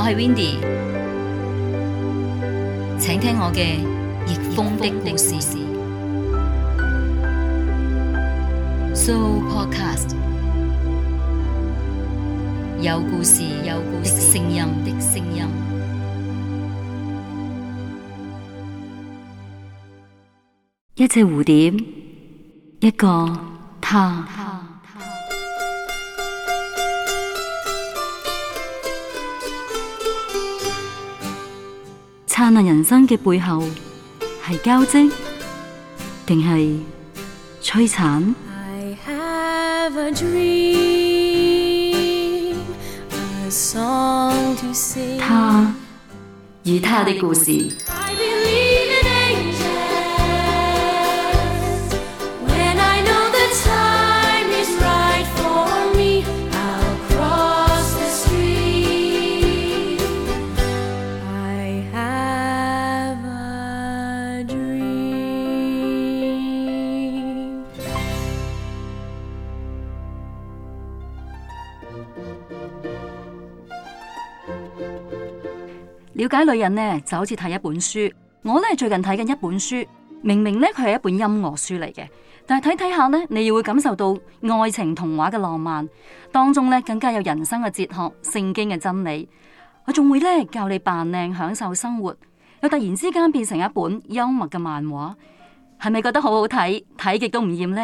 我係 Windy，請聽我嘅逆風的故事。So podcast 有故事，有故事聲音的聲音，一隻蝴蝶，一個他。燦爛人生嘅背後係交織，定係摧殘？I have a dream, a song to sing. 他與他的故事。了解女人呢，就好似睇一本書。我呢最近睇緊一本書，明明呢佢係一本音樂書嚟嘅，但係睇睇下呢，你又會感受到愛情童話嘅浪漫，當中呢更加有人生嘅哲學、聖經嘅真理。我仲會呢教你扮靚、享受生活。又突然之間變成一本幽默嘅漫畫，係咪覺得好好睇？睇極都唔厭呢？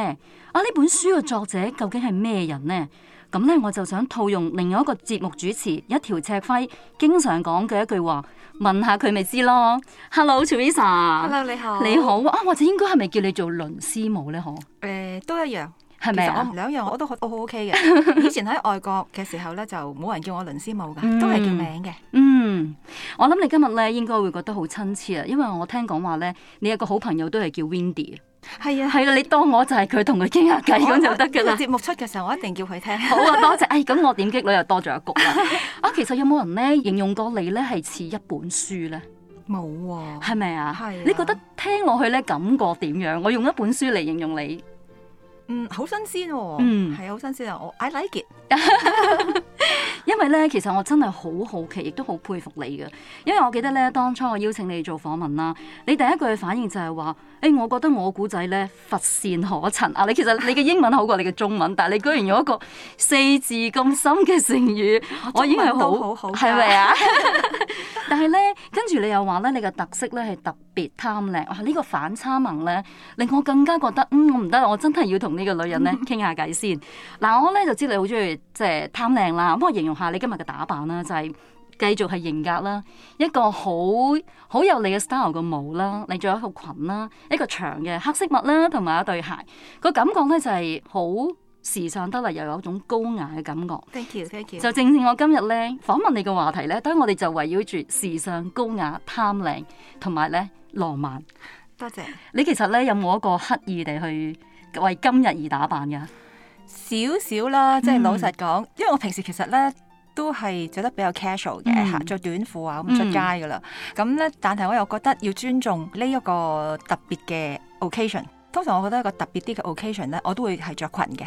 啊，呢本書嘅作者究竟係咩人呢？咁咧、嗯，我就想套用另外一個節目主持一條赤輝經常講嘅一句話，問下佢咪知咯。Hello，Teresa，Hello，你好。你好啊，或者應該係咪叫你做倫師母咧？嗬，誒，都一樣，係咪啊？兩樣我都覺得好 OK 嘅。 以前喺外國嘅時候咧，就冇人叫我倫師母噶，都係叫名嘅、嗯。嗯，我諗你今日咧應該會覺得好親切啊，因為我聽講話咧，你有個好朋友都係叫 Windy 係啊，係啦，你當我就係佢同佢傾下偈咁就得噶啦。節目出嘅時候，我一定叫佢聽。 好啊，多謝。哎，咁我點擊率又多咗一局。 啊，其實有冇人咧形容過你咧係似一本書咧？冇喎，係咪啊？係、啊。啊、你覺得聽落去咧感覺點樣？我用一本書嚟形容你。嗯，好新鮮、哦。嗯，係啊，好新鮮啊，我 I like it。因為咧，其實我真係好好奇，亦都好佩服你噶。因為我記得咧，當初我邀請你做訪問啦，你第一句嘅反應就係話。誒、哎，我覺得我古仔咧乏善可陳啊！你其實你嘅英文好過你嘅中文，但係你居然用一個四字咁深嘅成語，我，中我英文都好好，係咪啊？ 但係咧，跟住你又話咧，你嘅特色咧係特別貪靚，哇、啊！呢、這個反差萌咧，令我更加覺得，嗯，我唔得，我真係要同呢個女人咧傾下偈先。嗱、啊，我咧就知你好中意即係貪靚啦，咁我形容下你今日嘅打扮啦，就係、是。繼續係型格啦，一個好好有你嘅 style 嘅帽啦，你仲有一套裙啦，一個長嘅黑色襪啦，同埋一對鞋，個感覺咧就係好時尚得嚟，又有一種高雅嘅感覺。Thank you，Thank you。You. 就正正我今日咧訪問你嘅話題咧，當我哋就圍繞住時尚、高雅、貪靚同埋咧浪漫。多謝 Thank you. 你，其實咧有冇一個刻意地去為今日而打扮㗎？少少啦，即係老實講，mm. 因為我平時其實咧。都係着得比較 casual 嘅嚇，著短褲啊咁出街㗎喇。咁咧， 但係我又覺得要尊重呢一個特別嘅 occasion。通常我覺得一個特別啲嘅 occasion 咧，我都會係着裙嘅。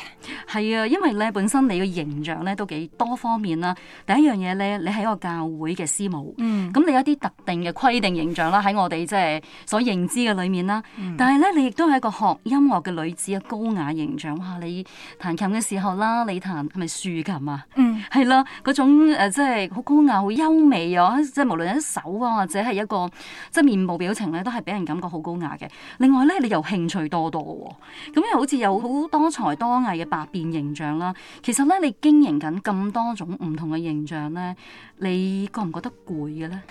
係啊，因為咧本身你嘅形象咧都幾多方面啦。第一樣嘢咧，你係一個教會嘅師母，咁、嗯、你有啲特定嘅規定形象啦，喺我哋即係所認知嘅裡面啦。嗯、但係咧，你亦都係一個學音樂嘅女子嘅高雅形象。哇！你彈琴嘅時候啦，你彈係咪豎琴啊？嗯，係啦、啊，嗰種即係好高雅、好優美啊。即、就、係、是、無論係手啊，或者係一個即係、就是、面部表情咧，都係俾人感覺好高雅嘅。另外咧，你由興趣到多多喎，咁又好似有好多才多藝嘅百變形象啦。其實咧，你經營緊咁多種唔同嘅形象咧，你覺唔覺得攰嘅咧？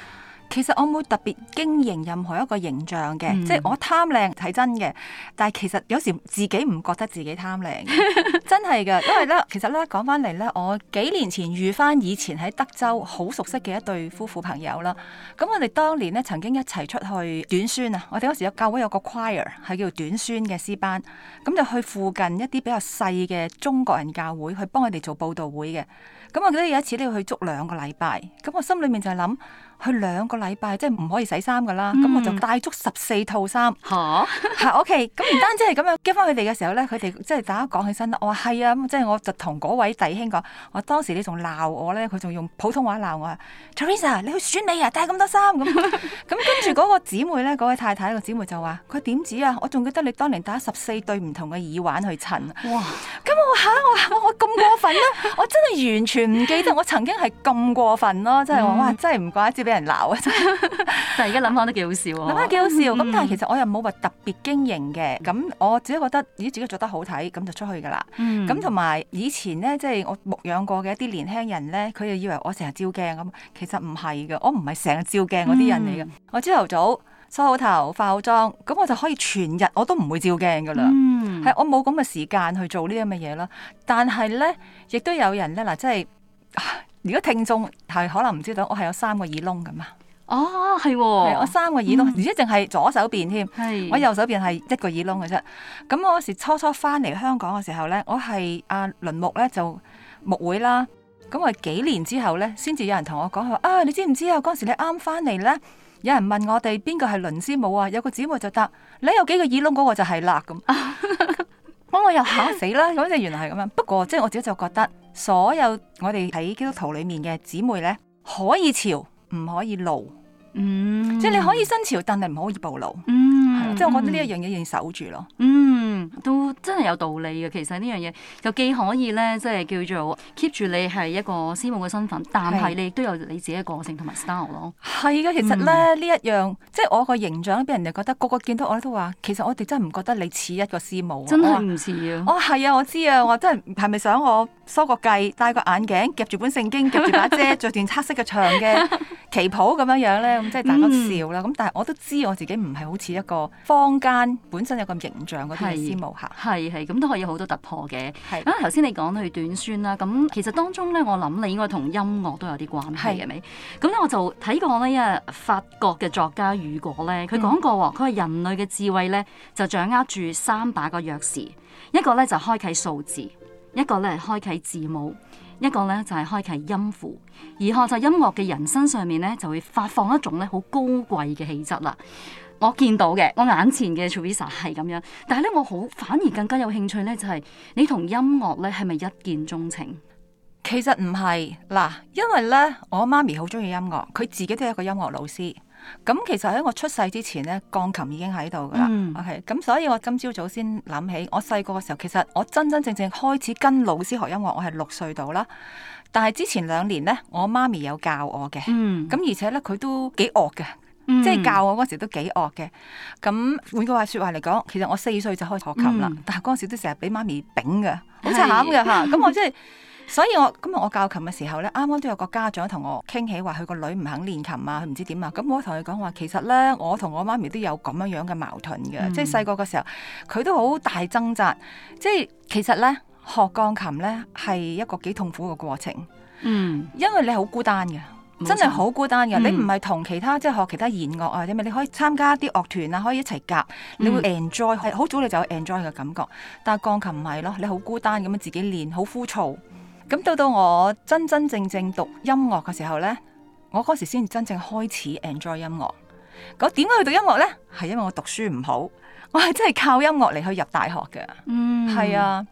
其實我冇特別經營任何一個形象嘅，嗯、即係我貪靚係真嘅。但係其實有時自己唔覺得自己貪靚， 真係嘅。因為咧，其實咧講翻嚟咧，我幾年前遇翻以前喺德州好熟悉嘅一對夫婦朋友啦。咁我哋當年咧曾經一齊出去短宣啊！我哋嗰時有教會有個 choir 係叫短宣嘅詩班，咁就去附近一啲比較細嘅中國人教會去幫佢哋做佈道會嘅。咁我記得有一次都要去足兩個禮拜，咁我心裏面就係諗去兩個禮拜即係唔可以洗衫噶啦，咁、嗯、我就帶足十四套衫。吓、啊 啊、OK。咁唔單止係咁樣驚翻佢哋嘅時候咧，佢哋即係大家講起身。我話係啊，咁即係我就同嗰位弟兄講。我當時你仲鬧我咧，佢仲用普通話鬧我啊。Teresa，你去選你啊，帶咁多衫咁。咁、啊、跟住嗰個姊妹咧，嗰、那、位、個、太太個姊妹就話，佢 點止啊？我仲記得你當年帶十四對唔同嘅耳環去襯。哇！咁我吓、啊、我我咁過分咧？我真係完全唔記得我曾經係咁過分咯。即係我哇，真係唔怪之俾人鬧啊！但而家諗返都幾好笑喎、哦！諗返幾好笑咁，但係其實我又冇話特別經營嘅。咁、mm. 我自己覺得，咦，自己著得好睇，咁就出去噶啦。咁同埋以前咧，即、就、係、是、我牧養過嘅一啲年輕人咧，佢就以為我成日照鏡咁，其實唔係嘅。我唔係成日照鏡嗰啲人嚟嘅。Mm. 我朝頭早梳好頭、化好妝，咁我就可以全日我都唔會照鏡噶啦。係、mm. 我冇咁嘅時間去做呢啲咁嘅嘢啦。但係咧，亦都有人咧嗱，即係如果聽眾係可能唔知道，我係有三個耳窿咁啊！哦，係、哦，我、嗯、三個耳窿，而且淨係左手邊添，是我右手邊係一個耳窿嘅啫。咁我嗰時初初翻嚟香港嘅時候咧，我係阿倫木咧就木會啦。咁我幾年之後咧，先至有人同我講佢話，你知唔知啊？嗰時你啱翻嚟咧，有人問我哋邊個係倫師母啊？有個姊妹就答你有幾個耳窿嗰個就係啦咁。咁 我又嚇死啦！咁你 原來係咁樣。不過即係我自己就覺得，所有我哋喺基督徒裏面嘅姊妹咧，可以潮。唔可以露。嗯，即係你可以新潮，但係唔可以暴露。嗯，啊、嗯即係我覺得呢一樣嘢要守住咯。嗯，都真係有道理嘅。其實呢樣嘢就既可以咧，即係叫做 keep 住你係一個師母嘅身份，但係你亦都有你自己嘅個性同埋 style 咯。係嘅，其實咧呢一樣，即係我個形象咧，俾人哋覺得個個見到我都話，其實我哋真係唔覺得你似一個師母。真係唔似啊！我係啊！我知啊！我真係係咪想我梳個髻、戴個眼鏡、夾住本聖經、夾住把遮、著段黑色嘅長嘅旗袍咁樣樣咧？嗯、即係大家笑啦，咁但係我都知我自己唔係好似一個坊間本身有咁形象嗰啲私募客，係係咁都可以有好多突破嘅。咁頭先你講去短宣啦，咁其實當中咧，我諗你應該同音樂都有啲關係嘅，咪是？咁咧我就睇過因為法國嘅作家雨果咧，佢講過，佢話、嗯、人類嘅智慧咧就掌握住三把個鑰匙，一個咧就開啟數字，一個咧係開啟字母。一個咧就係開啟音符，而學習音樂嘅人身上面咧就會發放一種咧好高貴嘅氣質啦。我見到嘅，我眼前嘅 Travis 係咁樣，但係咧我好反而更加有興趣咧就係你同音樂咧係咪一見鍾情？其實唔係，嗱，因為咧我媽咪好中意音樂，佢自己都係一個音樂老師。咁其實喺我出世之前咧，鋼琴已經喺度噶啦。嗯、OK，咁所以我今朝早先諗起，我細個嘅時候，其實我真真正正開始跟老師學音樂，我係六歲到啦。但係之前兩年咧，我媽咪有教我嘅。咁、嗯、而且咧，佢都幾惡嘅，嗯、即係教我嗰時都幾惡嘅。咁換句話說話嚟講，其實我四歲就開始學琴啦，嗯、但係嗰時都成日俾媽咪炳嘅，好慘嘅吓。咁我真係。所以我今日我教琴嘅時候咧，啱啱都有個家長同我傾起，話佢個女唔肯練琴啊，佢唔知點啊。咁我同佢講話，其實咧我同我媽咪都有咁樣樣嘅矛盾嘅，嗯、即係細個嘅時候，佢都好大掙扎。即係其實咧學鋼琴咧係一個幾痛苦嘅過程，嗯，因為你好孤單嘅，真係好孤單嘅。冇錯。你唔係同其他即係學其他弦樂啊，因為、嗯、你可以參加啲樂團啊，可以一齊夾，你會 enjoy，好早你就有 enjoy 嘅感覺。但係鋼琴唔係咯，你好孤單咁樣自己練，好枯燥。咁到到我真真正正讀音樂嘅時候呢，我嗰時先真正開始 enjoy 音樂。咁點解去讀音樂呢？係因為我讀書唔好，我係真係靠音樂嚟去入大學嘅。嗯，係啊。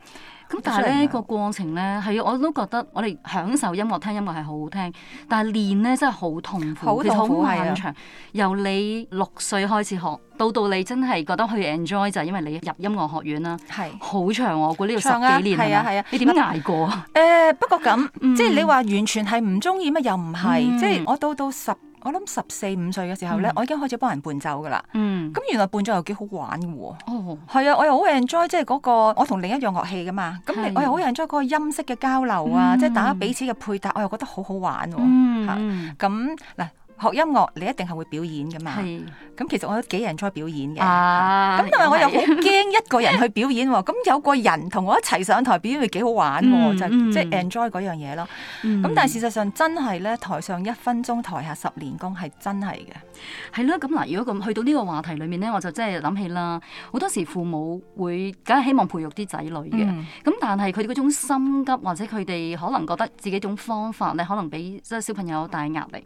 咁但係咧，個過程咧係 我都覺得我哋享受音樂，聽音樂係好好聽，但係練咧真係好痛苦，而且好漫長。的由你六歲開始學，到到你真係覺得去 enjoy 就係因為你入音樂學院啦，係好的長我估呢度十幾年係嘛，你點捱過？誒、呃，不過咁、嗯、即係你話完全係唔中意咩？又唔係、嗯嗯、即係我到到十。我諗十四五歲嘅時候咧，嗯、我已經開始幫人伴奏噶啦。嗯，咁原來伴奏又幾好玩嘅喎、啊。哦，係啊，我又好 enjoy 即係嗰個，我同另一樣樂器噶嘛。咁我又好 enjoy 嗰個音色嘅交流啊，嗯、即係大家彼此嘅配搭，我又覺得好好玩喎、啊。嗯，咁嗱、啊。學音樂你一定係會表演噶嘛？咁是其實我都幾 enjoy 表演嘅。咁、啊、但係我又好驚一個人去表演，咁 有個人同我一齊上台表演幾好玩，嗯、就即係 enjoy 嗰樣嘢咯。咁、嗯、但係事實上真係咧，台上一分鐘，台下十年功係真係嘅。係咯，咁嗱，如果咁去到呢個話題裏面咧，我就真係諗起啦。好多時父母會梗係希望培育啲仔女嘅，咁、嗯、但係佢哋嗰種心急，或者佢哋可能覺得自己種方法咧，可能俾即係小朋友大壓力。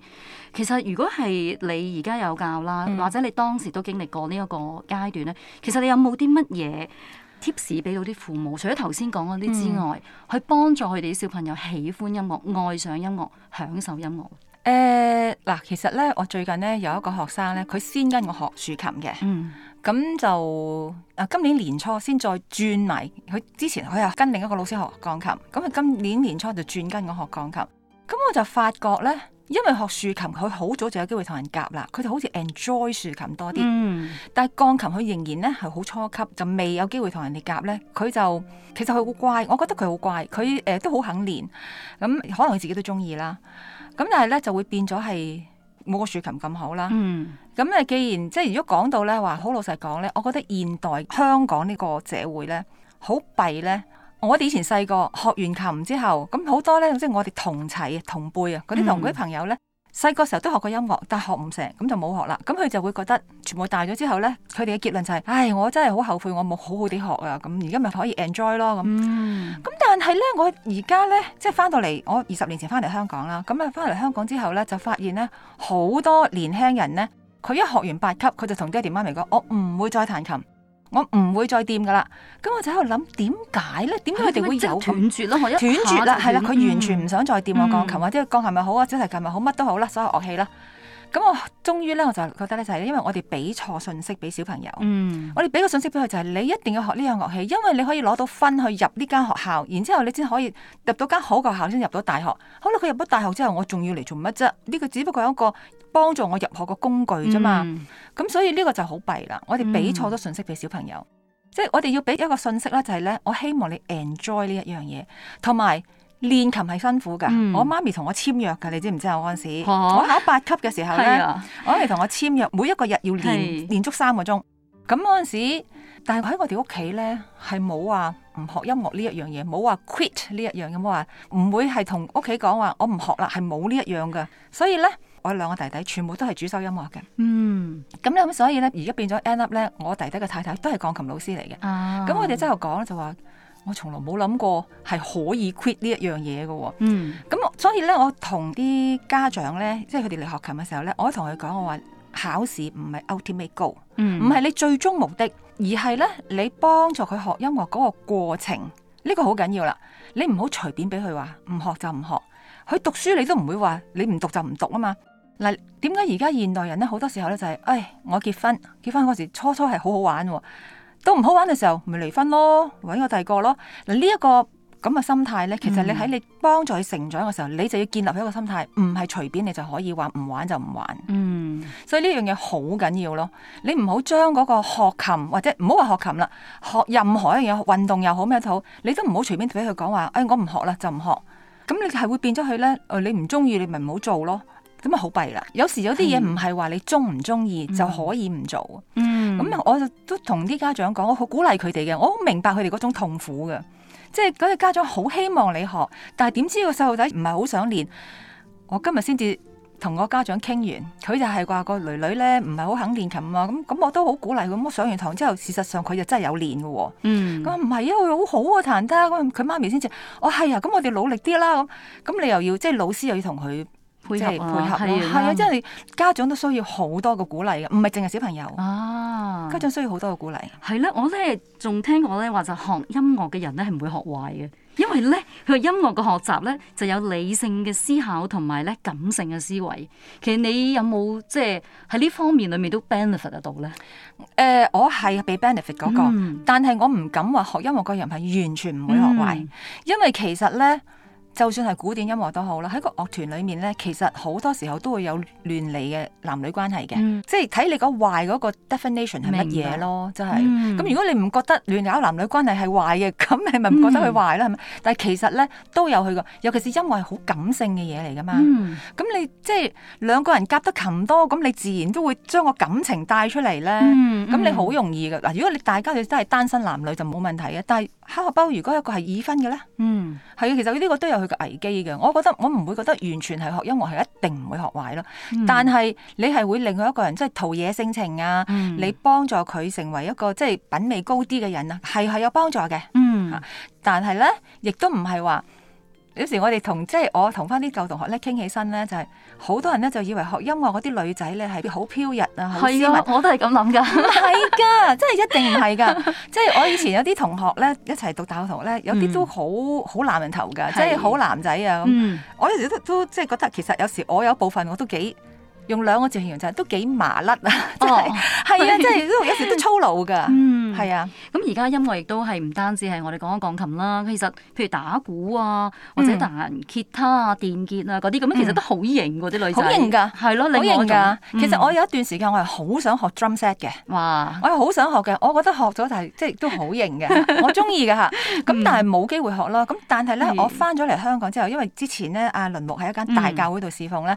其實。如果係你而家有教啦，嗯、或者你當時都經歷過呢一個階段咧，其實你有冇啲乜嘢 tips 俾到啲父母？除咗頭先講嗰啲之外，嗯、去幫助佢哋啲小朋友喜歡音樂、愛上音樂、享受音樂。誒，嗱，其實咧，我最近咧有一個學生咧，佢先跟我學豎琴嘅，咁、嗯、就啊今年年初先再轉嚟。佢之前佢又跟另一個老師學鋼琴，咁啊今年年初就轉跟我學鋼琴。咁我就發覺咧。因為學豎琴，佢好早就有機會同人夾啦。佢就好似 enjoy 豎琴多啲，嗯、但係鋼琴佢仍然咧係好初級，就未有機會同人哋夾咧。佢就其實佢好乖，我覺得佢好乖。佢誒、呃、都好肯練，咁、嗯、可能佢自己都中意啦。咁但係咧就會變咗係冇個豎琴咁好啦。咁咧、嗯、既然即係如果講到咧話，好老實講咧，我覺得現代香港呢個社會咧好弊咧。我哋以前細個學完琴之後，咁好多咧，即係我哋同齊、同輩啊，嗰啲同居朋友咧，細個、mm. 時候都學過音樂，但係學唔成，咁就冇學啦。咁佢就會覺得，全部大咗之後咧，佢哋嘅結論就係，唉，我真係好後悔，我冇好好地學啊。咁而家咪可以 enjoy 咯。咁，咁、mm. 但係咧，我而家咧，即係翻到嚟，我二十年前翻嚟香港啦，咁啊，翻嚟香港之後咧，就發現咧，好多年輕人咧，佢一學完八級，佢就同爹哋媽咪講，我唔會再彈琴。我唔會再掂噶啦，咁我就喺度諗點解咧？點解佢哋會有斷絕咯？我一斷，斷絕啦，係啦、嗯，佢完全唔想再掂我鋼、嗯、琴，或者鋼琴咪好啊，小提琴咪好，乜都好啦，所有樂器啦。咁我終於咧，我就覺得咧，就係因為我哋俾錯信息俾小朋友。嗯，我哋俾個信息俾佢，就係你一定要學呢樣樂器，因為你可以攞到分去入呢間學校，然之後你先可以入到間好嘅學校，先入到大學。好啦，佢入到大學之後，我仲要嚟做乜啫？呢、這個只不過係一個幫助我入學嘅工具啫嘛。咁、嗯、所以呢個就好弊啦。我哋俾錯咗信息俾小朋友，嗯、即係我哋要俾一個信息咧，就係咧，我希望你 enjoy 呢一樣嘢，同埋。練琴係辛苦噶，嗯、我媽咪同我簽約噶，你知唔知啊？我嗰陣時，我考八級嘅時候咧，啊、我媽咪同我簽約，每一個日要練練是足三個鐘。咁嗰陣時，但係喺我哋屋企咧，係冇話唔學音樂呢一樣嘢，冇話 quit 呢一樣嘅，冇話唔會係同屋企講話我唔學啦，係冇呢一樣噶。所以咧，我兩個弟弟全部都係主修音樂嘅。嗯，咁咧，所以咧，而家變咗 end up 咧，我弟弟嘅太、太太都係鋼琴老師嚟嘅。啊，咁我哋之後講就話。我從來冇諗過係可以 quit 呢一樣嘢嘅，咁、嗯、所以咧，我同啲家長咧，即係佢哋嚟學琴嘅時候咧，我同佢講，我話考試唔係 ultimate goal，唔係你最終目的，而係咧你幫助佢學音樂嗰個過程，呢、這個好緊要啦。你唔好隨便俾佢話唔學就唔學，佢讀書你都唔會話你唔讀就唔讀啊嘛。嗱，點解而家現代人咧好多時候咧就係、是，哎，我結婚，結婚嗰時初初係好好玩、哦。都唔好玩嘅時候，咪離婚咯，搵個第二個咯。嗱，呢一個咁嘅心態咧，其實你喺你幫助佢成長嘅時候，嗯、你就要建立一個心態，唔係隨便你就可以話唔玩就唔玩。嗯，所以呢樣嘢好緊要咯。你唔好將嗰個學琴或者唔好話學琴啦，學任何一樣嘅嘢，運動又好咩都好，你都唔好隨便俾佢講話。誒、哎，我唔學啦，就唔學。咁你係會變咗佢咧，誒，你唔中意，你咪唔好做咯。咁啊，好弊啦！有時有啲嘢唔係話你中唔中意就可以唔做。嗯，咁我就都同啲家長講，我好鼓勵佢哋嘅，我好明白佢哋嗰種痛苦嘅，即係嗰啲家長好希望你學，但係點知個細路仔唔係好想練。我今日先至同個家長傾完，佢就係話個女女咧唔係好肯練琴啊，咁咁我都好鼓勵佢咁。我上完堂之後，事實上佢就真係有練嘅喎。嗯，咁唔係啊，佢好好啊，彈得。佢媽咪先至，我、哦、係啊，咁我哋努力啲啦。咁咁你又要即係老師又要同佢，即係配合係啊，即係家長都需要好多嘅鼓勵嘅，唔係淨係小朋友。啊，家長需要好多嘅鼓勵。係啦，我真係仲聽過咧，話就學音樂嘅人咧係唔會學壞嘅，因為咧佢音樂嘅學習咧就有理性嘅思考同埋咧感性嘅思維。其實你有冇即係喺呢方面裏面都 benefit 得到咧？誒、呃，我係俾 benefit 嗰、嗰個，嗯、但係我唔敢話學音樂嘅人係完全唔會學壞，嗯、因為其實咧。就算係古典音樂都好啦，喺個樂團裏面咧，其實好多時候都會有亂嚟嘅男女關係嘅，嗯、即係睇你個壞嗰個 definition 係乜嘢咯，真、就、係、是。咁、嗯、如果你唔覺得亂搞男女關係係壞嘅，咁係咪唔覺得佢壞啦？係咪、嗯？但係其實咧都有佢個，尤其是音樂係好感性嘅嘢嚟噶嘛。咁、嗯、你即係兩個人夾得近多，咁你自然都會將個感情帶出嚟咧。咁、嗯嗯、你好容易嘅。嗱，如果你大家你都係單身男女就冇問題嘅，但係烤肉包如果一個係已婚嘅咧，嗯，係啊，其實呢個都有個危機嘅，我覺得我唔會覺得完全係學音樂係一定唔會學壞咯。嗯、但係你係會令到一個人即係陶冶性情啊，嗯、你幫助佢成為一個即係品味高啲嘅人啊，係係有幫助嘅。嗯，但係咧，亦都唔係話。有時我哋同即係我同返啲舊同學咧傾起身咧，就係、是、好多人咧就以為學音樂嗰啲女仔咧係好飄逸啊，係啊，我都係咁諗㗎。唔係㗎，即係一定唔係㗎， 即係我以前有啲同學咧一齊讀大學同學咧，有啲都好、嗯、好男人頭㗎，即係好男仔啊咁，我有時都都即係覺得其實有時我有部分我都幾。用兩個字形容就係都幾麻甩啊！哦，係啊，即係都有時都粗魯噶。嗯，係啊。咁而家音樂亦都係唔單止係我哋講緊鋼琴啦，其實譬如打鼓啊，或者彈吉他啊、電結啊嗰啲，咁樣其實都好型喎，啲女仔。好型㗎，係咯，你好型㗎。其實我有一段時間我係好想學 drum set 嘅。哇！我係好想學嘅，我覺得學咗但係即係都好型嘅，我中意㗎嚇。咁但係冇機會學啦。咁但係咧，我翻咗嚟香港之後，因為之前咧，阿倫木喺一間大教會度侍奉咧。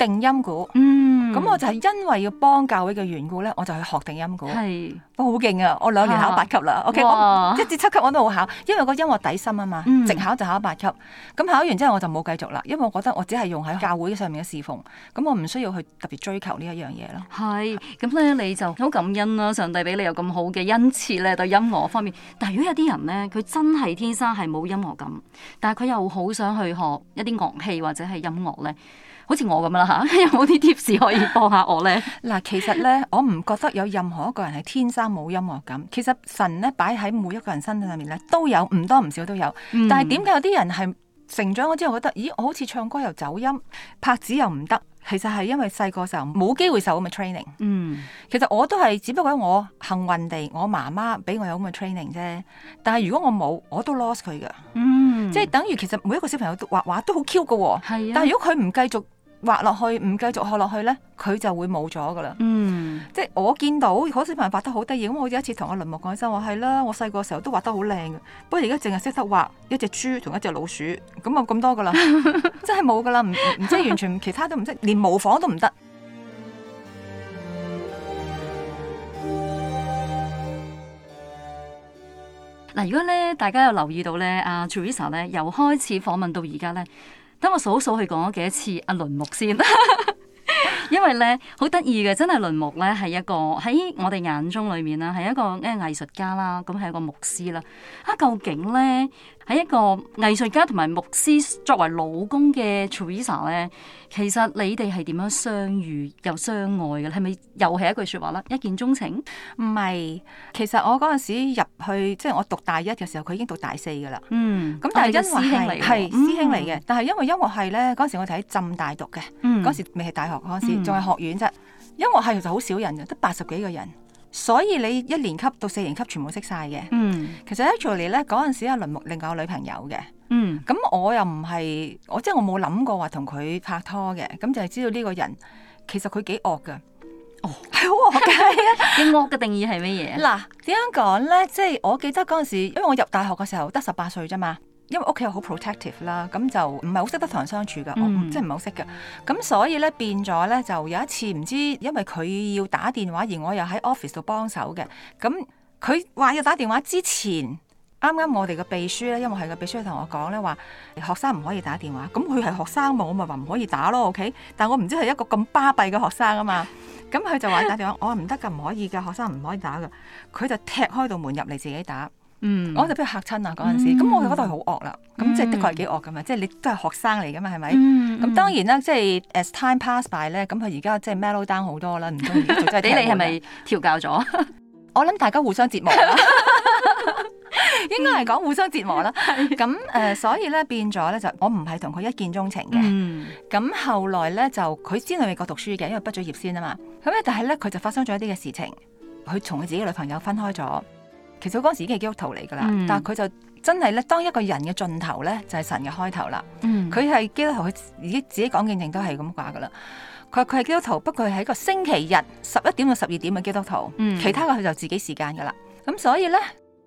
定音鼓，嗯，咁我就係因為要幫教會嘅緣故咧，我就去學定音鼓，係是，我好勁啊，我兩年考八級啦，OK，我一至七級我都好考，因為個音樂底薪啊嘛，直、嗯、考就考八級，咁考完之後我就冇繼續啦，因為我覺得我只係用喺教會上面嘅侍奉，咁是我唔需要去特別追求呢一樣嘢咯。係是，咁所以是你就好感恩啦，啊，上帝俾你有咁好嘅恩賜咧，對音樂方面。但係如果有啲人咧，佢真係天生係冇音樂感，但係佢又好想去學一啲樂器或者係音樂咧。好似我咁啦嚇，有冇啲 tips 可以幫下我咧？嗱， 其實咧，我唔覺得有任何一個人係天生冇音樂感。其實神咧擺喺每一個人身上面咧，都有唔多唔少都有。但係點解有啲人係成長咗之後覺得，咦，我好似唱歌又走音，拍子又唔得？其實係因為細個時候冇機會受咁嘅 training。嗯，其實我都係，只不過我幸運地，我媽媽俾我有咁嘅 training 啫。但係如果我冇，我都 lost 佢㗎。嗯，即係等於其實每一個小朋友都畫畫都好 cute 㗎喎。係啊，但係如果佢唔繼續。畫落去唔繼續學落去咧，佢就會冇咗噶啦。嗯，即係我見到好小朋友畫得好得意，咁我有一次同阿林木講，就話係啦，我細個時候都畫得好靚嘅，不過而家淨係識得畫一隻豬同一隻老鼠，咁啊咁多噶啦，真係冇噶啦，唔唔即係完全其他都唔識，連模仿都唔得。嗱，如果咧大家有留意到咧，阿 Teresa 咧由開始訪問到而家咧。等我數數佢講咗幾多次阿倫木先， 因為咧好得意嘅，真係倫木咧係一個喺我哋眼中裏面啦，係一個誒藝術家啦，咁係一個牧師啦，啊究竟咧？喺一個藝術家同埋牧師作為老公嘅 Teresa 咧，其實你哋係點樣相遇又相愛嘅咧？係咪又係一句說話啦？一見鍾情？唔係，其實我嗰陣時入去，即係我讀大一嘅時候，佢已經讀大四噶啦。嗯，咁但係因為係係、啊、師兄嚟嘅，嗯、但係因為音樂系咧嗰陣時我哋喺浸大讀嘅，嗰、嗯、時未係大學嗰陣時，仲係、嗯、學院啫。音樂系其實好少人嘅，得八十幾個人。所以你一年級到四年級全部識晒嘅，嗯，其實咧做嚟，咧嗰陣時阿林木另外有女朋友嘅。嗯，咁我又唔係，我即係我冇諗過話同佢拍拖嘅，咁就係知道呢個人其實佢幾惡噶。哦，係好惡嘅。你惡嘅定義係乜嘢？嗱，點樣講咧？即係我記得嗰陣時，因為我入大學嘅時候得十八歲啫嘛。因為屋企好 protective 啦，咁就唔係好識得同人相處噶，mm. 我真係唔係好識噶。咁所以咧變咗咧，就有一次唔知，因為佢要打電話，而我又喺 office 度幫手嘅。咁佢話要打電話之前，啱啱我哋嘅秘書咧，因為係個秘書同我講咧，話學生唔可以打電話。咁佢係學生嘛，我咪話唔可以打咯，OK？但我唔知係一個咁巴閉嘅學生啊嘛。咁佢就話打電話， 我話唔得噶，唔可以噶，學生唔可以打噶。佢就踢開道門入嚟自己打。嗯，我就俾佢嚇親啊！嗰陣時，咁我哋嗰度係好惡啦，咁即係的確係幾惡噶嘛，即係你都係學生嚟噶嘛，係咪？咁當然啦，即係 as time pass by 咧，咁佢而家即係 mellow down 好多啦，唔中意，真係俾你係咪調教咗？我諗大家互相折磨，應該係講互相折磨啦。咁誒，所以咧變咗咧就，我唔係同佢一見鍾情嘅。咁後來咧就，佢先喺美國讀書嘅，因為畢咗業先啊嘛。咁咧但係咧佢就發生咗一啲嘅事情，佢同佢自己嘅女朋友分開咗。其實嗰陣時已經係基督徒嚟㗎啦，嗯、但係佢就真係咧，當一個人嘅盡頭咧就係、係、神嘅開頭啦。佢係、嗯、基督徒，佢已經自己講嘅認都係咁話㗎啦。佢話佢係基督徒，不過係一個星期日十一點到十二點嘅基督徒，嗯、其他嘅佢就自己時間㗎啦。咁所以咧。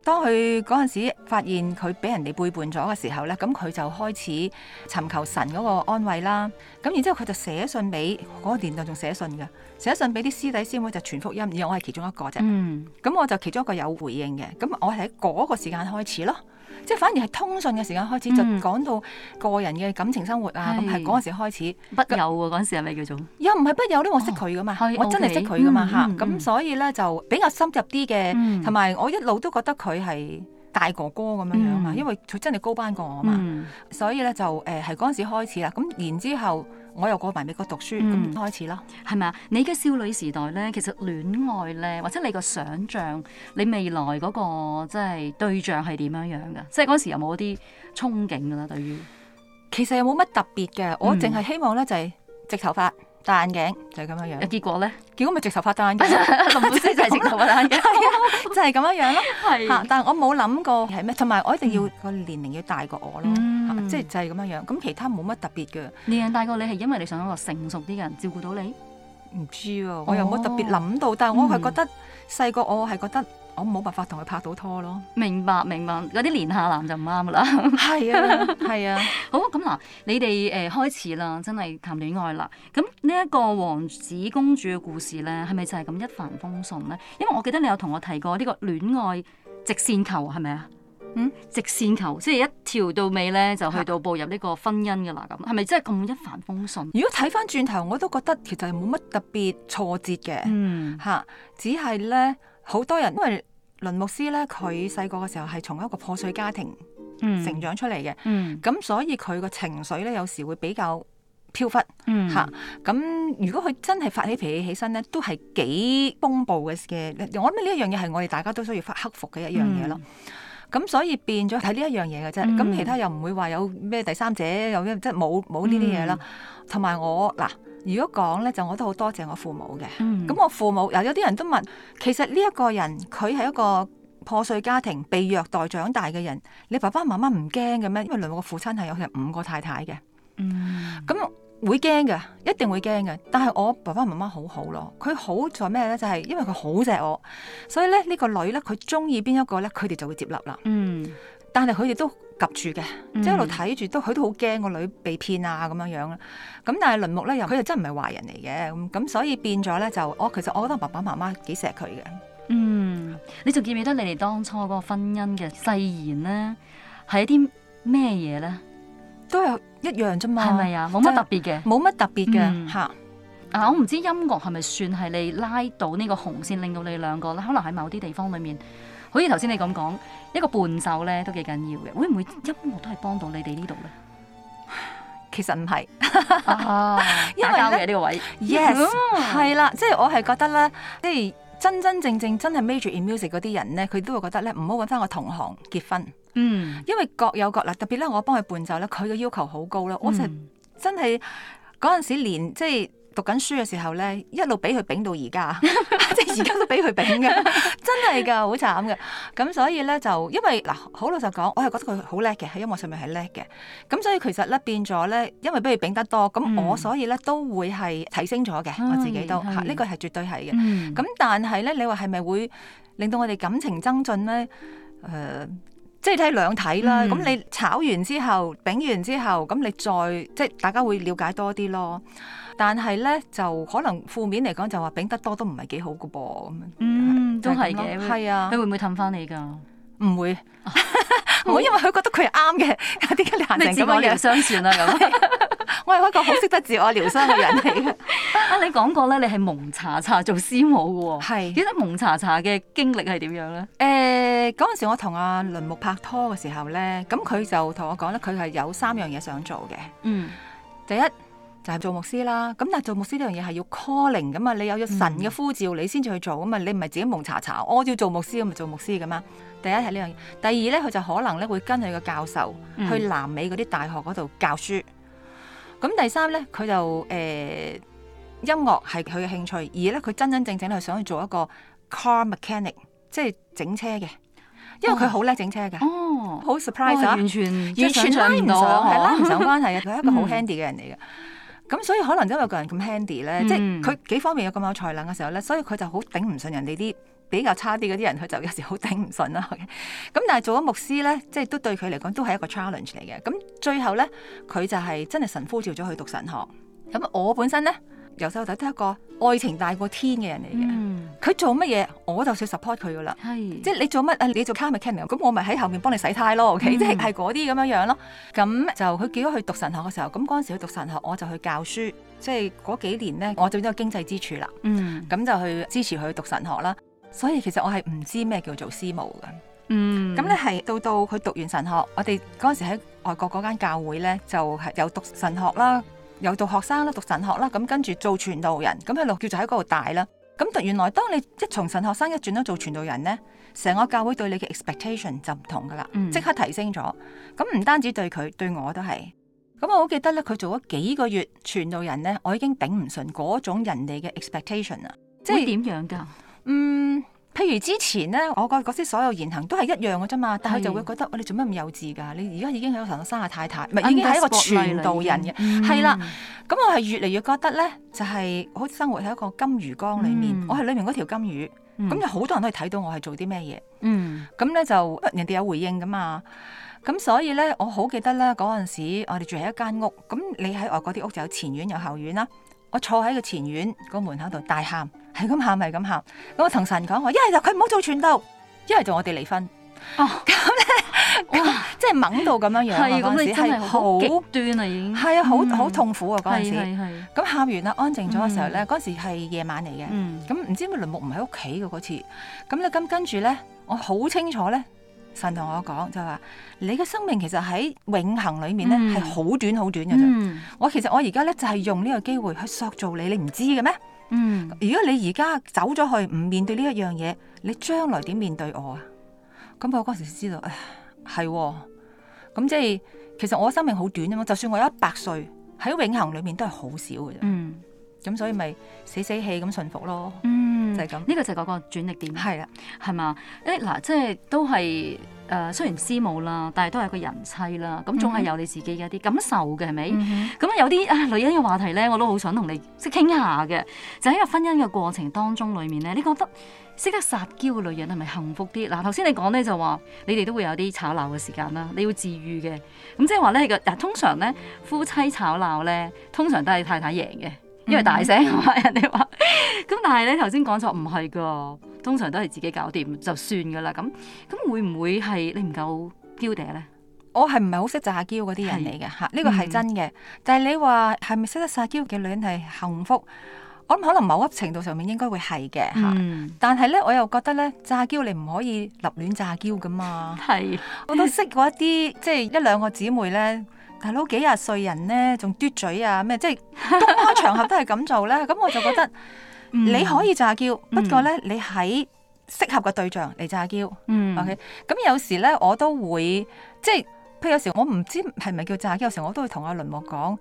當佢嗰陣時發現佢俾人哋背叛咗嘅時候咧，咁佢就開始尋求神嗰個安慰啦。咁然之後佢就寫信俾嗰、嗰個年代仲寫信嘅，寫信俾啲師弟師妹就傳福音，而我係其中一個啫。咁我就其中一個有回應嘅，咁我係喺嗰個時間開始咯。即係反而係通訊嘅時間開始就講到個人嘅感情生活啊，咁係嗰陣時開始不友喎，嗰陣時係咪叫做？又唔係不友咧，我識佢噶嘛，我真係識佢噶嘛吓，咁所以咧就比較深入啲嘅，同埋我一路都覺得佢係大哥哥咁樣樣啊，因為佢真係高班過我嘛，所以咧就誒係嗰陣時開始啦，咁然之後。我又過埋美國讀書咁、嗯、開始咯，係咪啊？你嘅少女時代咧，其實戀愛咧，或者你個想像你未來嗰、嗰個即係對象係點樣樣噶？即係嗰時有冇啲憧憬噶啦？對於其實有冇乜特別嘅？我淨係希望咧、嗯、就係直頭髮。戴眼鏡就係咁樣樣，結果咧？結果咪直頭發戴眼鏡，林老師就係直頭發戴眼鏡，就係，是，咁樣樣咯。嚇 對！但係我冇諗過係咩，同埋我一定要個年齡要大過我咯，嗯，即係就係咁樣樣。咁其他冇乜特別嘅。年齡大過你係因為你想一個成熟啲嘅人照顧到你？唔知喎，我又冇特別諗到，哦，但係我係覺得細個我係覺得。嗯我冇辦法同佢拍到拖咯。明白明白，嗰啲年下男就唔啱啦。係啊係啊。啊 好咁嗱，你哋誒、呃、開始啦，真係談戀愛啦。咁呢一個王子公主嘅故事咧，係咪就係咁一帆風順咧？因為我記得你有同我提過呢個戀愛直線球係咪啊？嗯，直線球即係、就是、一條到尾咧，就去到步入呢個婚姻噶啦。咁係咪真係咁一帆風順？如果睇翻轉頭，我都覺得其實係冇乜特別挫折嘅。嗯，吓 只係咧。好多人，因為倫牧師咧，佢細個嘅時候係從一個破碎家庭成長出嚟嘅，咁、嗯、所以佢個情緒咧有時會比較飄忽嚇。咁、嗯啊、如果佢真係發起脾氣起身咧，都係幾風暴嘅嘅。我諗呢一樣嘢係我哋大家都需要克服嘅一樣嘢咯。咁、嗯、所以變咗睇呢一樣嘢嘅啫。咁、嗯、其他又唔會話有咩第三者，有咩即係冇冇呢啲嘢啦。同、就、埋、是嗯、我嗱。如果講咧，就我都好多謝我父母嘅。咁、嗯、我父母又有啲人都問，其實呢一個人佢係一個破碎家庭被虐待長大嘅人，你爸爸媽媽唔驚嘅咩？因為我個父親係有成五個太太嘅。咁、嗯、會驚嘅，一定會驚嘅。但係我爸爸媽媽好好咯，佢好在咩咧？就係、是、因為佢好錫我，所以咧呢個女咧佢中意邊一個咧，佢哋就會接納啦。嗯，但係佢哋都。及住嘅，嗯、即係一路睇住，都佢都好驚個女被騙啊咁樣樣啦。咁但係林木咧，又佢又真唔係壞人嚟嘅，咁所以變咗咧就我其實我覺得爸爸媽媽幾錫佢嘅。嗯，你仲記唔記得你哋當初嗰個婚姻嘅誓言咧？係一啲咩嘢咧？都係一樣啫嘛，係咪啊？冇乜特別嘅，冇乜特別嘅吓。嗯、是啊，我唔知音樂係咪算係你拉到呢個紅線，令到你兩個咧，可能喺某啲地方裏面。好似頭先你咁講，一個伴奏咧都幾緊要嘅，會唔會音樂都係幫到你哋呢度咧？其實唔係 啊，因為咧呢個位，yes 係啦， 即、就、係、是、我係覺得咧，即係真真正正真係 major in music 嗰啲人咧，佢都會覺得咧唔好揾翻我同行結婚，嗯，因為各有各啦，特別咧我幫佢伴奏咧，佢嘅要求好高啦，嗯、我就真係嗰陣時連即係。就是讀緊書嘅時候咧，一路俾佢丙到而家， 即係而家都俾佢丙嘅， 真係噶，好慘嘅。咁所以咧，就因為嗱，好老實講，我係覺得佢好叻嘅，喺音樂上面係叻嘅。咁所以其實咧，變咗咧，因為俾佢丙得多，咁我所以咧都會係提升咗嘅，我自己都，呢個係絕對係嘅。咁、嗯、但係咧，你話係咪會令到我哋感情增進咧？誒、呃，即係睇兩體啦。咁、嗯、你炒完之後，丙完之後，咁你再即係大家會了解多啲咯。但係咧，就可能負面嚟講，就話丙得多都唔係幾好噶噃。嗯，都係嘅，係啊，佢會唔會氹翻你噶唔會，唔會，因為佢覺得佢係啱嘅。點解你行成咁樣嘅？療傷算啦咁。我係一個好識得自我療傷嘅人嚟嘅。啊，你講過咧，你係蒙查查做師母嘅喎。係。其實蒙查查嘅經歷係點樣咧？誒，嗰陣時我同阿林木拍拖嘅時候咧，咁佢就同我講咧，佢係有三樣嘢想做嘅。嗯。第一。就係做牧師啦，咁但係做牧師呢樣嘢係要 calling 噶嘛，你有咗神嘅呼召，你先至去做啊嘛。嗯、你唔係自己蒙查查，我照做牧師咁咪做牧師噶嘛。第一係呢樣嘢，第二咧佢就可能咧會跟佢個教授去南美嗰啲大學嗰度教書。咁、嗯、第三咧佢就誒、呃、音樂係佢嘅興趣，而咧佢真真正正係想去做一個 car mechanic，即係整車嘅，因為佢好叻整車嘅。好、哦、surprise，啊哦哦、完全完全唔想，係拉唔上，不想關。關係嘅，佢係一個好 handy 嘅人嚟嘅。咁所以可能因為個人咁 handy 咧，嗯、即係佢幾方面有咁有才能嘅時候咧，所以佢就好頂唔順人哋啲比較差啲嗰啲人，佢就有時好頂唔順啦。咁 但係做咗牧師咧，即係都對佢嚟講都係一個 challenge 嚟嘅。咁最後咧，佢就係真係神呼召咗佢讀神學。咁我本身咧。由細到大都係一個愛情大過天嘅人嚟嘅，佢、嗯、做乜嘢我就算 support 佢噶啦，是即係你做乜啊？你做 camera 咁我咪喺後面幫你洗太洗胎咯、okay? 嗯、即係係嗰啲咁樣樣咯。咁就佢幾多去讀神學嘅時候，咁嗰陣時去讀神學，我就去教書，即係嗰幾年呢，我就變咗經濟支柱啦。咁、嗯、就去支持佢讀神學啦。所以其實我係唔知咩叫做師母嘅。嗯，咁咧係到到佢讀完神學，我哋嗰陣時喺外國嗰間教會呢，就係、是、有讀神學啦。又做學生啦，讀神學啦，咁跟住做傳道人，咁佢落叫就喺嗰度大啦。咁原來當你一從神學生一轉咗做傳道人呢，成個教會對你嘅 expectation 就唔同噶啦，即刻提升咗。咁唔單止對佢，對我都係。咁我好記得咧，佢做咗幾個月傳道人呢，我已經頂唔順嗰種人哋嘅 expectation 啊，即係點樣噶？嗯。譬如之前咧，我覺得嗰啲所有言行都係一樣嘅啫嘛，但係就會覺得，我是你做咩咁幼稚噶？你而家已經喺個層生下太太，唔係已經係一個傳道人嘅，係啦、嗯。咁我係越嚟越覺得咧，就係好似生活喺一個金魚缸裡面，嗯、我係裏面嗰條金魚，咁就好多人都睇到我係做啲咩嘢。嗯，咁咧就人哋有回應噶嘛。咁所以咧，我好記得咧嗰陣時，我哋住喺一間屋，咁你喺外國啲屋就有前院有後院啦。我坐喺個前院個門口度大喊。係咁喊咪咁喊，咁我同神講：орт, 我一係就佢唔好做全斗，一係就我哋離婚。哦、oh. 呃，咁咧，哇好，即係懵到咁樣樣啊！嗰陣時係好極端啊，已經係啊，好好痛苦啊，嗰陣時。咁喊完啦，安靜咗嘅時候咧，嗰陣時係夜晚嚟嘅。咁唔知咪倫木唔喺屋企嘅嗰次。咁你咁跟住咧，我好清楚咧，神同我講就話：你嘅生命其實喺永恆裏面咧係好短好短嘅啫。嗯嗯、我其實我而家咧就係用呢個機會去塑造你，你唔知嘅咩？嗯，如果你而家走咗去，唔面對呢一樣嘢，你將來點面對我啊？咁我嗰時知道，唉，係、哦，咁即係其實我生命好短啊嘛，就算我一百歲喺永恆裏面都係好少嘅啫。嗯，咁所以咪死死氣咁順服咯。嗯，就係咁。呢個就係嗰個轉捩點。係啊，係嘛？誒、欸、嗱，即係都係。誒雖然師母啦，但係都係一個人妻啦，咁總係有你自己嘅一啲感受嘅，係咪？咁、嗯、哼有啲啊，女人嘅話題咧，我都好想同你識傾下嘅。就喺個婚姻嘅過程當中裏面咧，你覺得識得撒嬌嘅女人係咪幸福啲？嗱，頭先你講咧就話你哋都會有啲吵鬧嘅時間啦，你要自愈嘅。咁即係話咧個，嗱通常咧夫妻吵鬧咧，通常都係太太贏嘅。因為大聲啊嘛，人哋話，咁但係咧頭先講錯唔係噶，通常都係自己搞掂就算噶啦。咁咁會唔會係你唔夠嬌嗲咧？我係唔係好識詐嬌嗰啲人嚟嘅嚇？呢個係真嘅。嗯、但係你話係咪識得撒嬌嘅女人係幸福？我諗可能某一程度上面應該會係嘅嚇。嗯、但係咧，我又覺得咧，詐嬌你唔可以立亂詐嬌噶嘛。係是， 我都識過一啲即係一兩個姊妹咧。大佬幾廿歲人咧，仲嘟嘴啊咩？即係公開場合都係咁做咧，咁 我就覺得、嗯、你可以詐嬌，嗯、不過咧你喺適合嘅對象嚟詐嬌。嗯，OK。咁有時咧，我都會即係，譬如有時我唔知係咪叫詐嬌，有時我都會同阿倫莫講，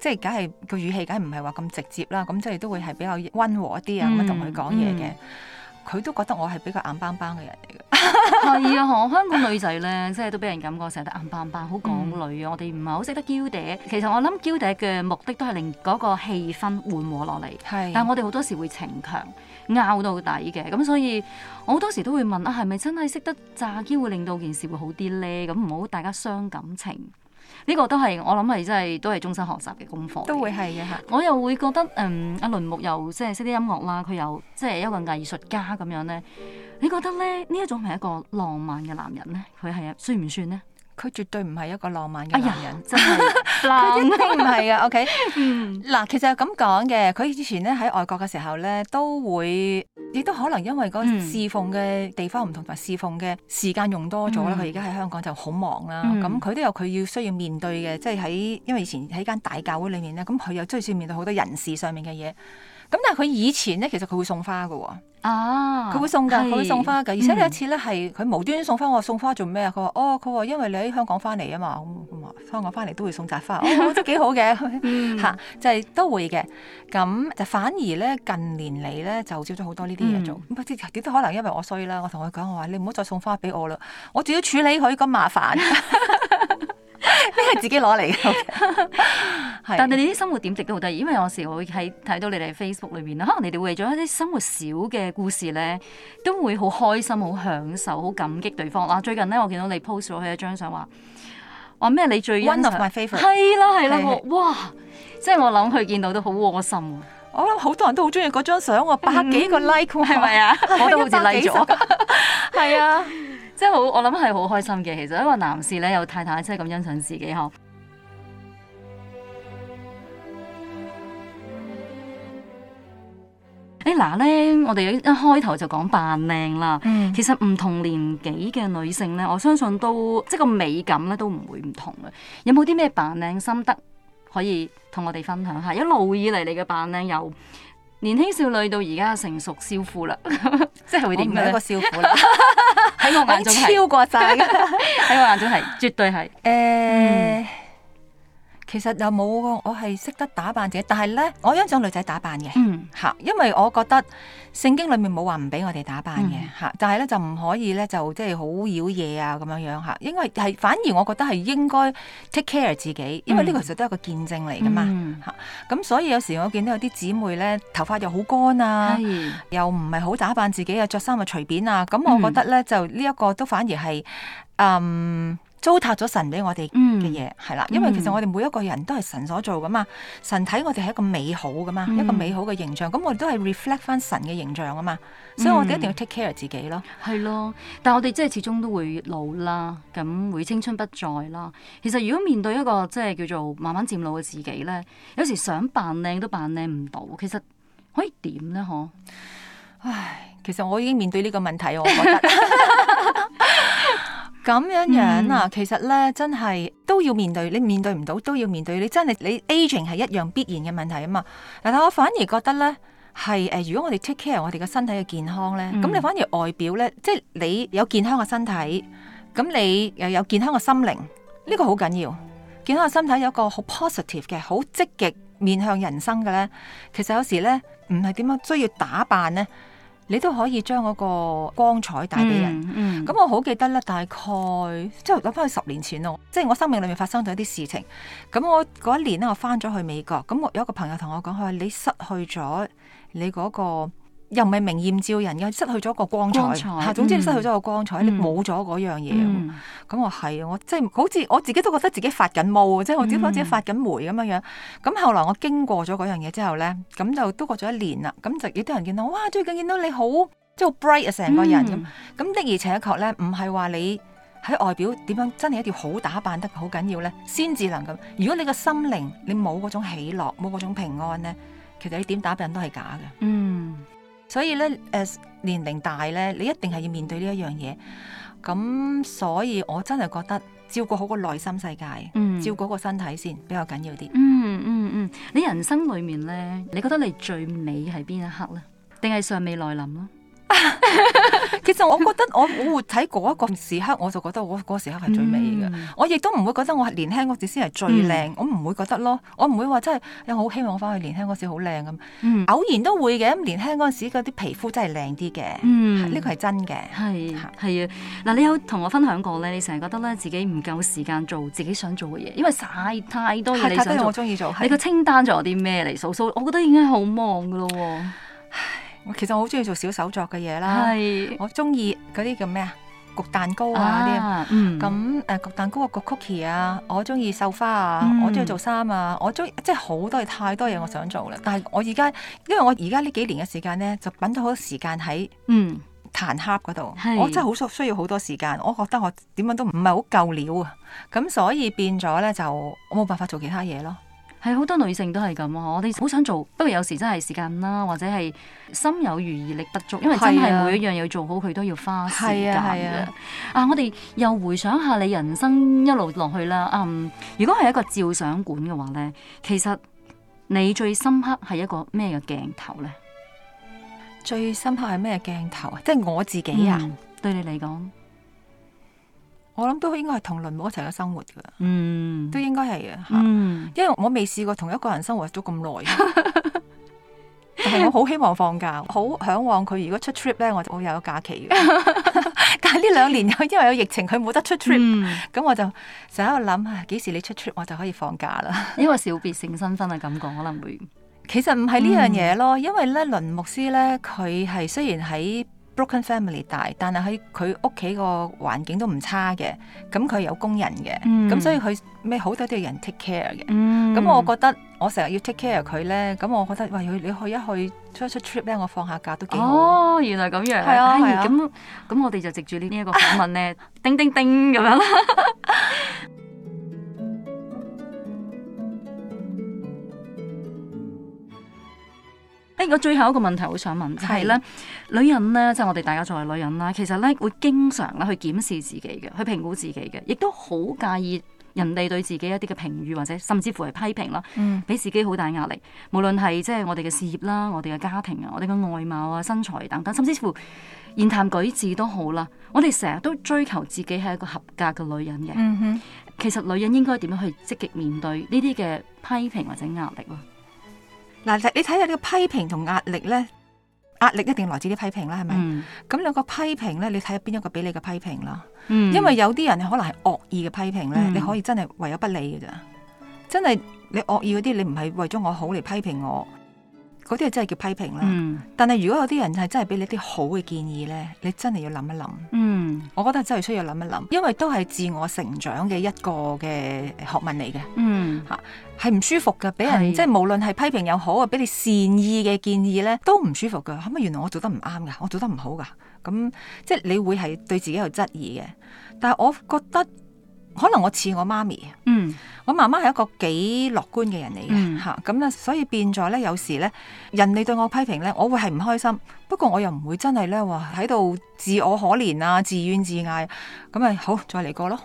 即係梗係個語氣梗係唔係話咁直接啦。咁即係都會係比較溫和啲啊咁樣同佢講嘢嘅。嗯。佢都覺得我係比較硬梆梆嘅人嚟嘅， 係啊！我香港女仔咧，即係都俾人感覺成日得硬梆梆，好港女啊！嗯、我哋唔係好識得嬌嗲，其實我諗嬌嗲嘅目的都係令嗰個氣氛緩和落嚟。係是，但係我哋好多時會逞強，拗到底嘅。咁所以我好多時都會問啊，係咪真係識得詐嬌會令到件事會好啲咧？咁唔好大家傷感情。呢個都係，我諗係真係都係終身學習嘅功課。都會係嘅，我又會覺得，嗯，阿倫木又即係識啲音樂啦，佢又即係一個藝術家咁樣咧。你覺得咧，呢一種係一個浪漫嘅男人咧，佢係呀，算唔算咧？佢絕對唔係一個浪漫嘅人人，哎、真係佢 一定唔係啊 OK，嗱、嗯，其實係咁講嘅。佢以前咧喺外國嘅時候咧，都會亦都可能因為侍奉嘅地方唔同同埋侍奉嘅時間用多咗啦。佢而家喺香港就好忙啦。咁佢都有佢要需要面對嘅，嗯、即係喺因為以前喺間大教會裡面咧，咁佢有最少面對好多人事上面嘅嘢。咁但係佢以前咧，其實佢會送花嘅喎、哦。啊，佢會送噶，佢是會送花噶。而且有一次咧，係佢、嗯、無端端送花，我話送花做咩啊？佢話哦，佢話因為你喺香港翻嚟啊嘛，咁啊香港翻嚟都會送扎花。哦，都幾好嘅嚇、 嗯， 就係、是、都會嘅。咁就反而咧近年嚟咧就少咗好多呢啲嘢做。唔知點解，可能因為我衰啦，我同佢講，我話你唔好再送花俾我啦，我仲要處理佢咁麻煩。 咩係 自己攞嚟嘅？Okay、但係你啲生活點滴都好得意，因為有時我會喺睇到你哋 Facebook 裏面啦，可能你哋為咗一啲生活小嘅故事咧，都會好開心、好享受、好感激對方。嗱，最近咧我見到你 post 咗佢一張相，話話咩你最溫暖 my favourite 係啦係啦，的哇！即、就、係、是、我諗佢見到都好窩心喎。我諗好多人都好中意嗰張相喎，百幾個 like 係咪、嗯、啊？ 我都好似 Like 咗，係啊。 即係好，我諗係好開心嘅。其實一位男士咧有太太真係咁欣賞自己呵。誒嗱咧，我哋一開頭就講扮靚啦。嗯。其實唔同年紀嘅女性咧，我相信都即係個美感咧都唔會唔同嘅。有冇啲咩扮靚心得可以同我哋分享下？一路以嚟你嘅扮靚有……年輕少女到而家成熟少婦啦， 即係會點唔係一個少婦啦，喺 我眼中係超過曬嘅。喺 我眼中係 絕對係。Uh mm. 其實又冇我係識得打扮自己，但係咧，我欣賞女仔打扮嘅吓，嗯、因為我覺得聖經裏面冇話唔俾我哋打扮嘅吓，嗯、但係咧就唔可以咧就即係好妖嘢啊，咁樣樣吓，因為係反而我覺得係應該 take care 自己，因為呢個其實都係個見證嚟噶嘛吓，咁、嗯嗯嗯、所以有時我見到有啲姊妹咧頭髮又好乾啊，是又唔係好打扮自己啊，着衫又隨便啊，咁我覺得咧、嗯、就呢一個都反而係嗯。糟蹋咗神俾我哋嘅嘢，係啦、嗯，因為其實我哋每一個人都係神所做噶嘛，神睇我哋係一個美好噶嘛，嗯、一個美好嘅形象，咁我哋都係 reflect 翻神嘅形象啊嘛，所以我哋一定要 take care 自己咯。係咯，但係我哋即係始終都會老啦，咁會青春不再啦。其實如果面對一個即係叫做慢慢漸老嘅自己咧，有時想扮靚都扮靚唔到，其實可以點咧？嗬，唉，其實我已經面對呢個問題，我覺得。 咁樣樣啊，其實咧真係都要面對，你面對唔到都要面對。你真係你 aging 係一樣必然嘅問題啊嘛。但係我反而覺得咧，係誒，如果我哋 take care 我哋嘅身體嘅健康咧，咁、嗯、你反而外表咧，即係你有健康嘅身體，咁你又有健康嘅心靈，呢個好緊要。健康嘅身體有一個好 positive 嘅、好積極面向人生嘅咧，其實有時咧唔係點樣需要打扮咧。你都可以將嗰個光彩帶俾人。咁、嗯嗯、我好記得咧，大概即係諗翻去十年前咯，即係我生命裏面發生咗一啲事情。咁我嗰一年咧，我翻咗去美國。咁我有一個朋友同我講，佢話你失去咗你嗰個。又唔係明艷照人，又失去咗個光彩吓。總之，你失去咗個光彩，光彩你冇咗嗰樣嘢。咁我係我真，即係好似我自己都覺得自己發緊毛，即係、嗯、我點自己發緊霉咁樣樣。咁後來我經過咗嗰樣嘢之後咧，咁就都過咗一年啦。咁就亦都有人見到，哇！最近見到你好，即係好 bright 啊，成個人咁。咁、嗯、的而且確咧，唔係話你喺外表點樣，真係一定要好打扮得好緊要咧，先至能咁。如果你個心靈你冇嗰種喜樂，冇嗰種平安咧，其實你點打扮都係假嘅。嗯。所以咧，誒年齡大咧，你一定係要面對呢一樣嘢。咁所以，我真係覺得照顧好個內心世界，嗯、照顧好個身體先比較緊要啲、嗯。嗯嗯嗯，你人生裡面咧，你覺得你最美係邊一刻咧？定係尚未來臨咯？ 其實我覺得我我會睇嗰一個時刻，我就覺得我嗰個時刻係最美嘅。嗯、我亦都唔會覺得我係年輕嗰時先係最靚，嗯、我唔會覺得咯。我唔會話真係，我好希望我翻去年輕嗰時好靚咁。嗯、偶然都會嘅，咁年輕嗰時嗰啲皮膚真係靚啲嘅。呢、嗯、個係真嘅，係係啊。嗱，你有同我分享過咧？你成日覺得咧自己唔夠時間做自己想做嘅嘢，因為太太多嘢，太多我中意做。的你個清單仲有啲咩嚟？數數，我覺得已經好忙噶咯。其實我好中意做小手作嘅嘢啦，是我中意嗰啲叫咩啊？焗蛋糕啊嗰啲，咁誒焗蛋糕啊，焗 cookie 啊，我中意繡花啊，嗯、我中意做衫啊，我中意即係好多嘢，太多嘢我想做啦。但係我而家因為我而家呢幾年嘅時間咧，就揾到好多時間喺嗯、彈盒嗰度，我真係好需要好多時間，我覺得我點樣都唔係好夠料啊。咁所以變咗咧就我冇辦法做其他嘢咯。係好多女性都係咁啊！我哋好想做，不過有時真係時間啦，或者係心有餘而力不足，因為真係每一樣要做好，佢都要花時間嘅。啊，我哋又回想下你人生一路落去啦。嗯，如果係一個照相館嘅話咧，其實你最深刻係一個咩嘅鏡頭咧？最深刻係咩鏡頭啊？即係我自己啊？嗯，對你嚟講？我諗都應該係同麟牧一齊嘅生活噶，嗯、都應該係嘅，嗯、因為我未試過同一個人生活咗咁耐。但係 我好希望放假，好向往佢。如果出 trip 咧，我就會有假期嘅。 但係呢兩年 因為有疫情，佢冇得出 trip，咁、嗯嗯、我就成日喺度諗，幾時你出 trip，我就可以放假啦。因為小別勝新婚嘅感覺可能會， 其實唔係呢樣嘢咯，因為咧麟牧，牧師咧佢係雖然喺。Broken family 大，但係喺佢屋企個環境都唔差嘅，咁佢有工人嘅，咁、嗯嗯、所以佢咩好多都要人 take care 嘅，咁、嗯嗯、我覺得我成日要 take care 佢咧，咁我覺得喂，你去一去出出 trip 咧，我放下假都幾好。哦，原來咁樣，係啊，咁咁、啊哎、我哋就藉住呢一個訪問咧， 叮叮叮咁樣啦。 呢，最後一個問題，我想問就係、是、咧，的女人咧，即、就、係、是、我哋大家作為女人啦，其實咧會經常咧去檢視自己嘅，去評估自己嘅，亦都好介意人哋對自己一啲嘅評語或者甚至乎係批評啦，嗯，俾自己好大壓力。嗯、無論係即係我哋嘅事業啦，我哋嘅家庭啊，我哋嘅外貌啊、身材等等，甚至乎言談舉止都好啦。我哋成日都追求自己係一個合格嘅女人嘅。嗯、哼其實女人應該點樣去積極面對呢啲嘅批評或者壓力？嗱，你睇下呢個批評同壓力咧，壓力一定來自啲批評啦，係咪？咁兩個批評咧，你睇下邊一個俾你嘅批評啦。嗯、因為有啲人可能係惡意嘅批評咧，你可以真係唯有不理㗎咋。真係你惡意嗰啲，你唔係為咗我好嚟批評我，嗰啲係真係叫批評啦。嗯、但係如果有啲人係真係俾你啲好嘅建議咧，你真係要諗一諗。嗯我覺得真係需要諗一諗，因為都係自我成長嘅一個嘅學問嚟嘅。嗯，吓係唔舒服噶，俾人是即係無論係批評又好啊，俾你善意嘅建議咧，都唔舒服噶。後屘原來我做得唔啱噶，我做得唔好噶，咁即係你會係對自己有質疑嘅。但係我覺得。可能我似我媽咪，嗯，我媽媽係一個幾樂觀嘅人嚟嘅，吓咁咧，所以變咗咧，有時咧，人哋對我批評咧，我會係唔開心，不過我又唔會真係咧話喺度自我可憐啊，自怨自艾，咁咪好，再嚟過咯。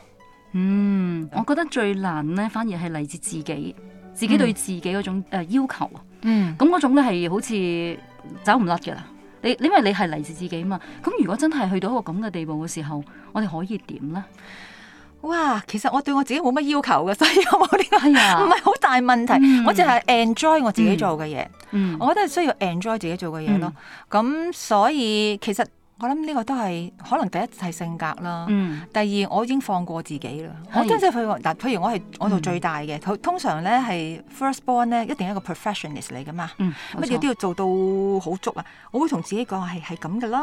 嗯，我覺得最難咧，反而係嚟自自己，自己對自己嗰種誒要求，嗯，咁嗰種咧係好似走唔甩㗎喇。你你因為你係嚟自自己嘛，咁如果真係去到一個咁嘅地步嘅時候，我哋可以點咧？哇，其實我對我自己冇乜要求嘅，所以我有冇呢個嘢唔係好大問題，嗯、我淨係 enjoy 我自己做嘅嘢，嗯嗯、我覺得係需要 enjoy 自己做嘅嘢咯。咁、嗯、所以其實。我諗呢個都係可能第一係性格啦，嗯、第二我已經放過自己啦。是我真係，譬如我係我做最大嘅，佢、嗯、通常咧係 first born 咧，一定係一個 perfectionist 嚟噶嘛，乜嘢、嗯、都要做到好足啊。我會同自己講係係咁噶啦，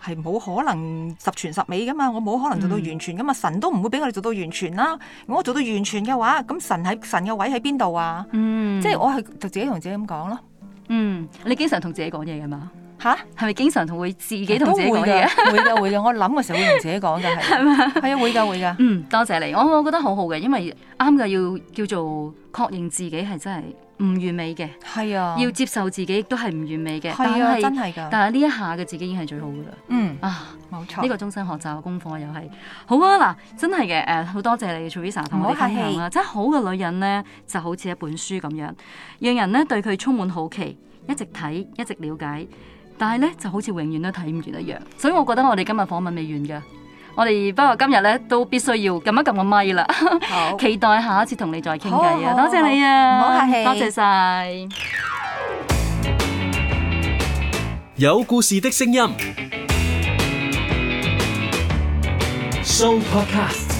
係冇可能十全十美噶嘛，我冇可能做到完全噶嘛，嗯、神都唔會俾我哋做到完全啦、啊。如果做到完全嘅話，咁神喺神嘅位喺邊度啊？嗯、即係我係就自己同自己咁講咯。嗯，你經常同自己講嘢㗎嘛？吓，係咪經常同會自己同自己講嘢？都會噶，會噶，我諗嘅時候會同自己講噶，係嘛？係啊，會噶，會噶。嗯，多謝你，我我覺得好好嘅，因為啱噶要叫做確認自己係真係唔完美嘅。係啊，要接受自己亦都係唔完美嘅。係啊，真係噶。但係呢一下嘅自己已經係最好噶啦。嗯啊，冇錯，呢個終身學習嘅功課又係好啊嗱，真係嘅誒，好多謝你 Trisha 同我分享啦。真好嘅女人咧，就好似一本書咁樣，讓人咧對佢充滿好奇，一直睇，一直了解。但係咧，就好似永遠都睇唔完一樣，所以我覺得我哋今日訪問未完㗎，我哋包括今日咧都必須要撳一撳個咪啦，期待下一次同你再傾偈啊！多謝你啊，唔好客氣，多謝晒。有故事的聲音，Show Podcast。